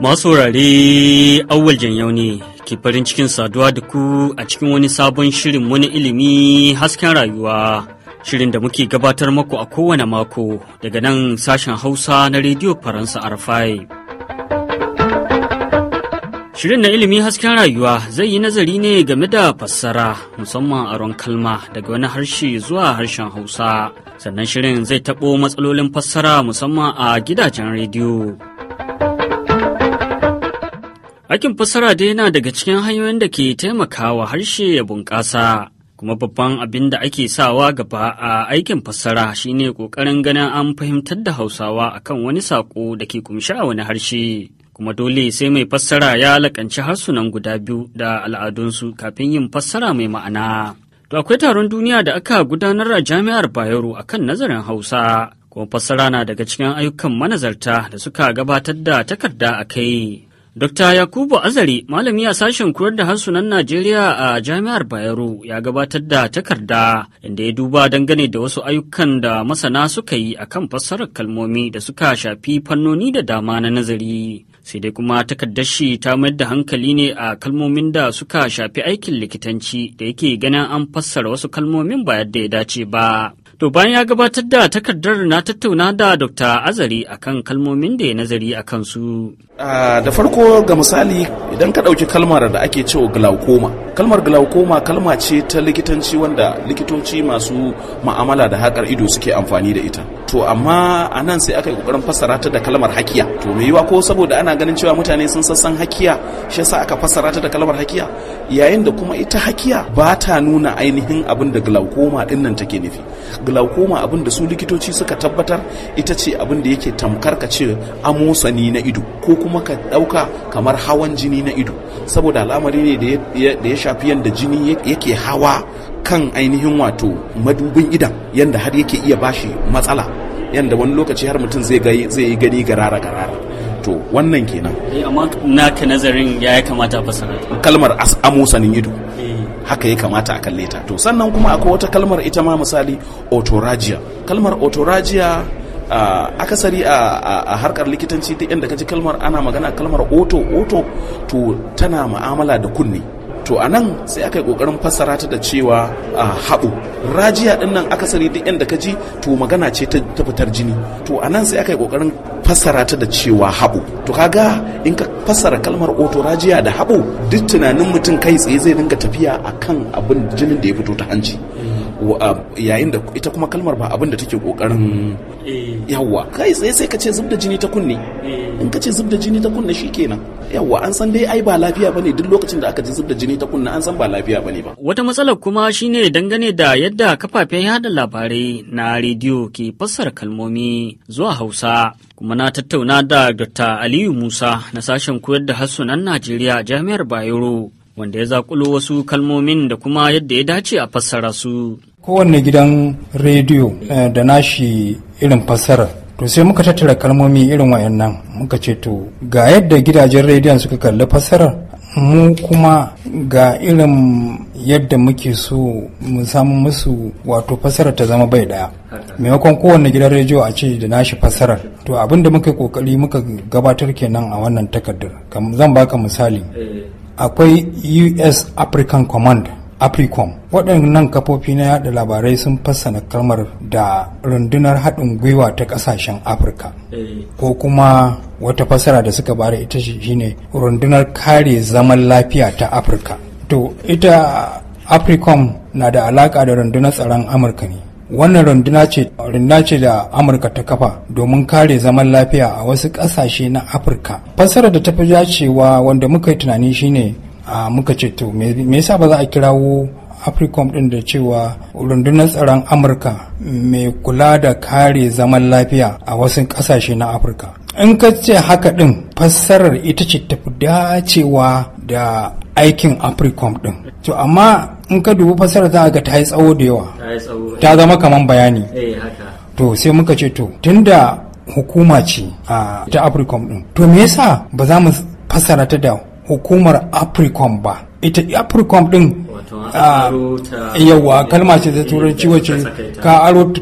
Masu wurare awwal yau ne ke farin cikin saduwa da ku a cikin wani sabon shirin wani ilimi hasken rayuwa. Shirin da muke gabatar maku a kowane mako daga nan sashen Hausa na Rediyo Faransa Arfai. Shirin na ilimi hasken rayuwa zai yi nazari ne game da fassara musamman aron kalma daga wani harshe zuwa harshen Hausa sannan shirin zai taɓo matsalolin fassara musamman a gidajen rediyo. Aikin fassara dai yana daga cikin hanyoyin da ke taimakawa harshe ya bunƙasa, kuma babban abin da ake sawa gaba a aikin fassara shine ƙoƙarin ganin an fahimtar da Hausawa akan wani saƙo da ke kumshe a wani harshe. kuma dole sai mai fassara ya laƙanci harsunan guda biyu da al'adunsu kafin yin fassara mai ma'ana. To akwai taron duniya da aka gudanar a jami'ar Bayero a kan nazarin Hausa. Kuma fassara na daga cikin ayyukan manazarta da suka gabatar da takarda a kai. Dr. Yakubu Azari, malami a sashen koyar da harsunan Najeriya a Jami'ar Bayero, ya gabatar da takarda inda ya duba dangane da wasu ayyukan da masana suka yi akan fassarar kalmomi da suka shafi fannoni da dama na nazari. sai dai kuma takardar shi ta mayar da hankali ne a kalmomin da suka shafi aikin likitanci da yake ganin an fassara wasu kalmomin ba yadda ya dace ba. To bayan ya gabatar da takardar na tattauna da Dr. Azari akan kalmomin da ya nazari a kansu. da farko ga misali idan ka ɗauki kalmar da ake cewa glaucoma. Kalmar glaucoma kalma ce ta likitanci wanda likitoci masu ma'amala da haƙar ido suke amfani da ita. To amma a nan sai aka yi ƙoƙarin fassara ta da kalmar hakiya. To mai yiwa ko saboda ana ganin cewa mutane sun sassan hakiya shi yasa aka fassara ta da kalmar hakiya yayin da kuma ita hakiya ba ta nuna ainihin abin da glaucoma ɗin nan take nufi. glaucoma abin da su likitoci suka tabbatar ita ce abin da yake tamkar ka ce amosani na ido ko kuma ka ɗauka kamar hawan jini na ido saboda al'amari ne da ya shafi yadda jini yake hawa kan ainihin wato madubin idan yadda har yake iya bashi matsala yadda wani lokaci har mutum zai yi gani garara garara to wannan kenan eh, amma naka nazarin ya kamata fasara kalmar amosanin ido eh. haka ya kamata a kalle ta to sannan kuma akwai wata kalmar ita ma misali otorajiya kalmar otorajiya Uh, akasari a uh, uh, harkar likitanci duk inda kaji kalmar ana magana kalmar oto oto to tana ma'amala da kunne to a nan sai aka yi kokarin fassara ta da cewa a rajiya ɗin nan akasari duk inda ka ji to magana ce ta fitar jini to a nan sai aka yi kokarin fassara ta da cewa haɓu to kaga in ka fassara kalmar otorajiya da haɓu duk tunanin mutum kai tsaye zai dinga tafiya akan abin jinin da ya fito ta hanci yayin da ita kuma kalmar ba abin da take kokarin eh. yawwa kai tsaye sai ka ce zub da jini ta kunne eh. in ka ce zub da jini ta kunne shikenan yawwa an san dai ai ba lafiya bane duk lokacin da aka ji zub da jini ta kunne an san ba lafiya bane ba wata matsalar kuma shine dangane da yadda kafafen yada labarai na rediyo ke fassara kalmomi zuwa Hausa kuma na tattauna da Dr. Aliyu Musa na sashen koyar da harsunan Najeriya Jami'ar Bayero wanda ya zakulo wasu kalmomin da kuma yadda ya dace a fassara su. kowanne gidan rediyo eh, da nashi irin fassara to sai muka tattara kalmomi irin wayannan muka ce to ga yadda gidajen rediyon suka kalli fassarar mu kuma ga irin yadda muke so mu samu musu wato fassarar ta zama bai daya maimakon kowanne gidan rediyo a ce da nashi fassarar to abin da muka kokari muka gabatar kenan a wannan takardar zan baka misali eh. akwai us african command Africom. Waɗannan kafofi na yaɗa labarai sun fassana kalmar da rundunar haɗin gwiwa ta ƙasashen Afirka. Eh. Ko kuma wata fassara da suka bada ita shine rundunar kare zaman lafiya ta Afirka. To ita Africom na da alaƙa da rundunar tsaron Amurka ne. wannan runduna ce runduna ce da amurka ta kafa domin kare zaman lafiya a wasu ƙasashe na afirka fassara da ta fi wanda muka yi tunani shine muka ce to me yasa ba za a kirawo africom din da cewa rundunar tsaron amurka mai kula da kare zaman lafiya a wasu kasashe na afirka in ka ce haka din fassarar ita ce tafi dacewa da aikin africom din to amma in ka dubi fassarar za a ga ta yi tsawo da yawa ta zama kamar bayani eh, to sai muka ce to tunda hukuma ce a ta africom din to me yasa ba za mu fassara ta da hukumar africom ba ita africom din ah, yawa kalma ce ta turanci wace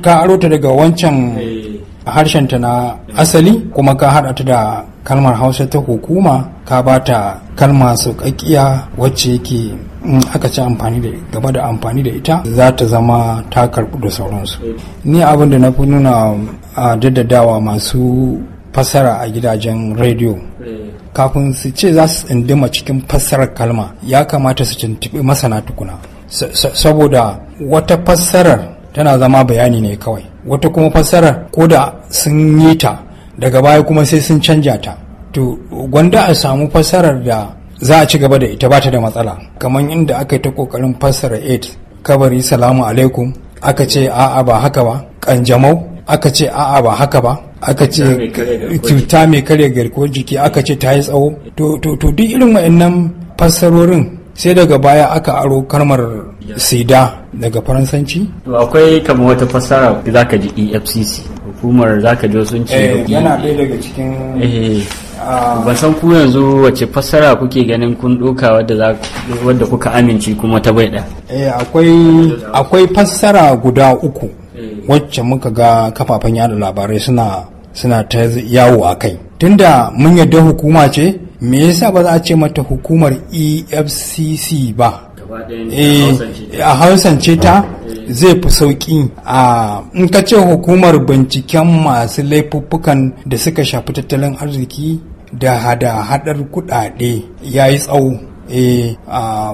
ka aro daga wancan eh. harshen ta na asali kuma ka haɗa ta da kalmar hausa ta hukuma ka ba ta kalma sauƙaƙiya wacce yake in aka ci amfani da gaba da amfani da ita za ta zama ta karɓu da sauransu eh. ni abin da na fi nuna a ah, daddadawa masu fasara a gidajen rediyo eh. kafin su ce za su tsindima cikin fassarar kalma ya kamata su tuntuɓi masana tukuna saboda wata fassarar tana zama bayani ne kawai wata kuma fassarar ko da sun yi ta daga baya kuma sai sun canja ta to gwanda a samu fassarar da za a ci gaba da ita bata da matsala kamar inda aka yi ta kokarin fassara 8 kabari salamu alaikum aka ce a'a ba haka ba kanjamau aka ce a'a ba haka ba aka ce cuta mai karya garkuwar jiki aka ce ta yi tsawo to duk irin wa'annan fassarorin sai daga baya aka aro karmar sida daga faransanci to akwai kamar wata fassara za ka ji efcc hukumar za ka ji sun ce eh, e yana ɗaya daga cikin eh, ah, ban san ku yanzu wace fassara kuke ganin kun ɗoka wadda kuka amince kuma ta bai eh, akwai fassara guda uku wacce muka ga kafafen yada labarai suna suna ta yawo a kai tunda mun yadda hukuma ce me yasa ba za a ce mata hukumar efcc ba eh, a hausance ta zai fi sauƙi a in ka ce hukumar binciken masu laifuffukan da suka shafi tattalin arziki da hada hadar kuɗaɗe ya yi tsawo eh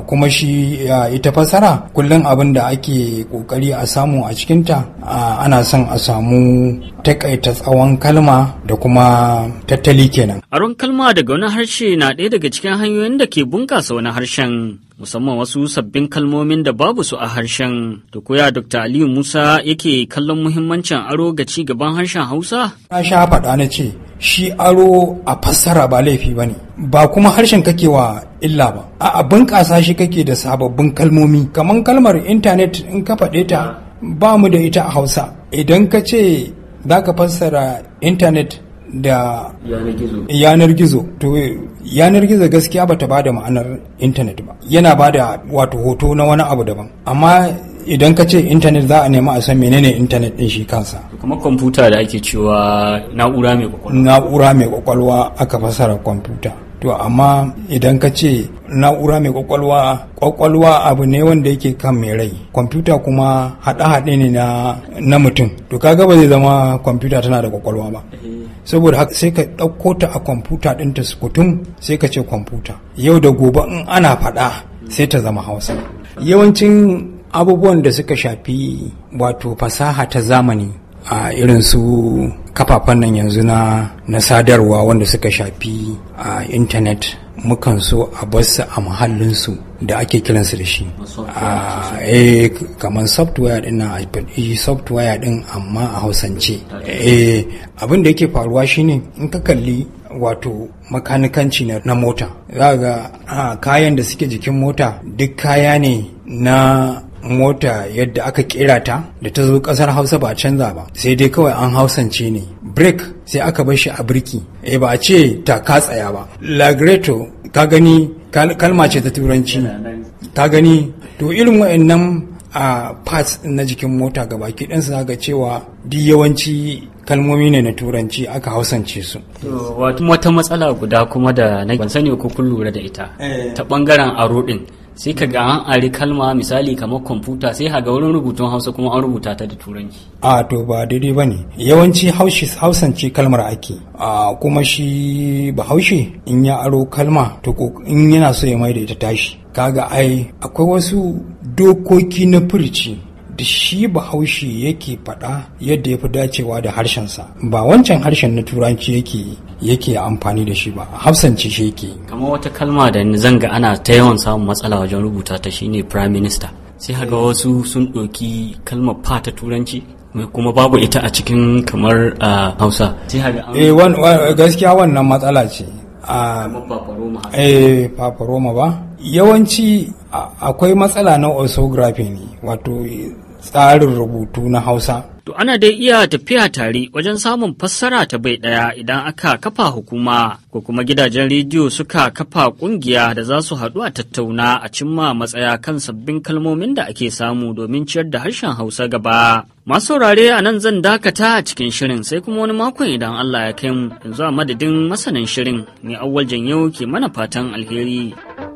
kuma shi ita fasara kullum abin da ake kokari a samu a cikinta ana son a samu takaita tsawon kalma da kuma tattali kenan aron kalma daga wani harshe na ɗaya daga cikin hanyoyin da ke bunƙasa wani harshen musamman wasu sabbin kalmomin da babu su a harshen da koya dr aliyu musa yake kallon muhimmancin aro ga ci gaban harshen hausa na sha faɗa na ce shi aro a fassara ba laifi ba ne ba kuma harshen kake wa illa ba a bunƙasa shi kake da sababbin kalmomi kamar kalmar intanet in ka faɗe ta ba mu da ita a hausa idan ka ce za ka fassara intanet da yanar gizo to yanar gizo gaskiya bata ba da ma'anar intanet ba yana ba da wato hoto na wani abu daban amma idan ka ce intanet za a nema a san menene intanet ɗin shi kansa kuma kwamfuta da ake cewa na'ura mai kwakwalwa na'ura mai kwakwalwa aka fasara kwamfuta to amma idan ka ce na'ura mai kwakwalwa kwakwalwa abu ne wanda yake kan mai rai kwamfuta kuma haɗe-haɗe ne na, mutum to kaga ba zai zama kwamfuta tana da kwakwalwa ba eh. saboda haka sai ka ɗauko ta a kwamfuta ɗin ɗinta sukutum sai ka ce kwamfuta yau da gobe in ana faɗa sai ta zama hausa yawancin abubuwan da suka shafi wato fasaha ta zamani a irin su kafafen nan yanzu na na sadarwa wanda suka shafi a intanet mukan so a basu a su da ake kiransu da shi eh kamar software din a software din amma a hausance eh, abin da yake faruwa shine in ka kalli wato makanikanci na mota za ga kayan da suke jikin mota duk kaya ne na mota yadda aka kera ta da ta zo kasar hausa ba canza ba sai dai kawai an hausance ne break sai aka bar shi a birki eh ba a ce ta ka tsaya ba lagreto ka gani kalma ce ta turanci ka gani to irin wa'annan a parts na jikin mota ga baki ɗansu su ga cewa duk yawanci kalmomi ne na turanci aka hausance su. wata matsala guda kuma da na ban sani ko kun lura da ita eh. ta bangaren aro din sai ka ga an ari kalma misali kamar kwamfuta sai ga wurin rubutun hausa kuma an rubuta ta da turanci a to ba daidai ba ne yawanci hausance kalmar ake a kuma shi bahaushe in ya aro kalma to in yana so ya mai da ita tashi kaga ai akwai wasu dokoki na furci Da shi bahaushe yake faɗa yadda ya fi dacewa da harshensa ba wancan harshen na turanci yake yake amfani da shi ba hafsance shi yake Kama wata kalma da zanga ana ta yawan samun matsala wajen rubuta ta shine prime minister sai haga eh. wasu sun ɗauki kalmar fa ta turanci kuma babu ita a cikin kamar hausa sai eh, gaskiya wannan matsala ce eh paparoma ba yawanci akwai matsala na orthography ne wato tsarin rubutu na Hausa. To ana dai iya tafiya tare wajen samun fassara ta bai ɗaya idan aka kafa hukuma ko kuma gidajen rediyo suka kafa ƙungiya da za su haɗu a tattauna a cimma matsaya kan sabbin kalmomin da ake samu domin ciyar da harshen Hausa gaba. Masu saurare a nan zan dakata a cikin shirin sai kuma wani makon idan Allah ya kai mu yanzu a madadin masanin shirin ne awwal janyo ke mana fatan alheri.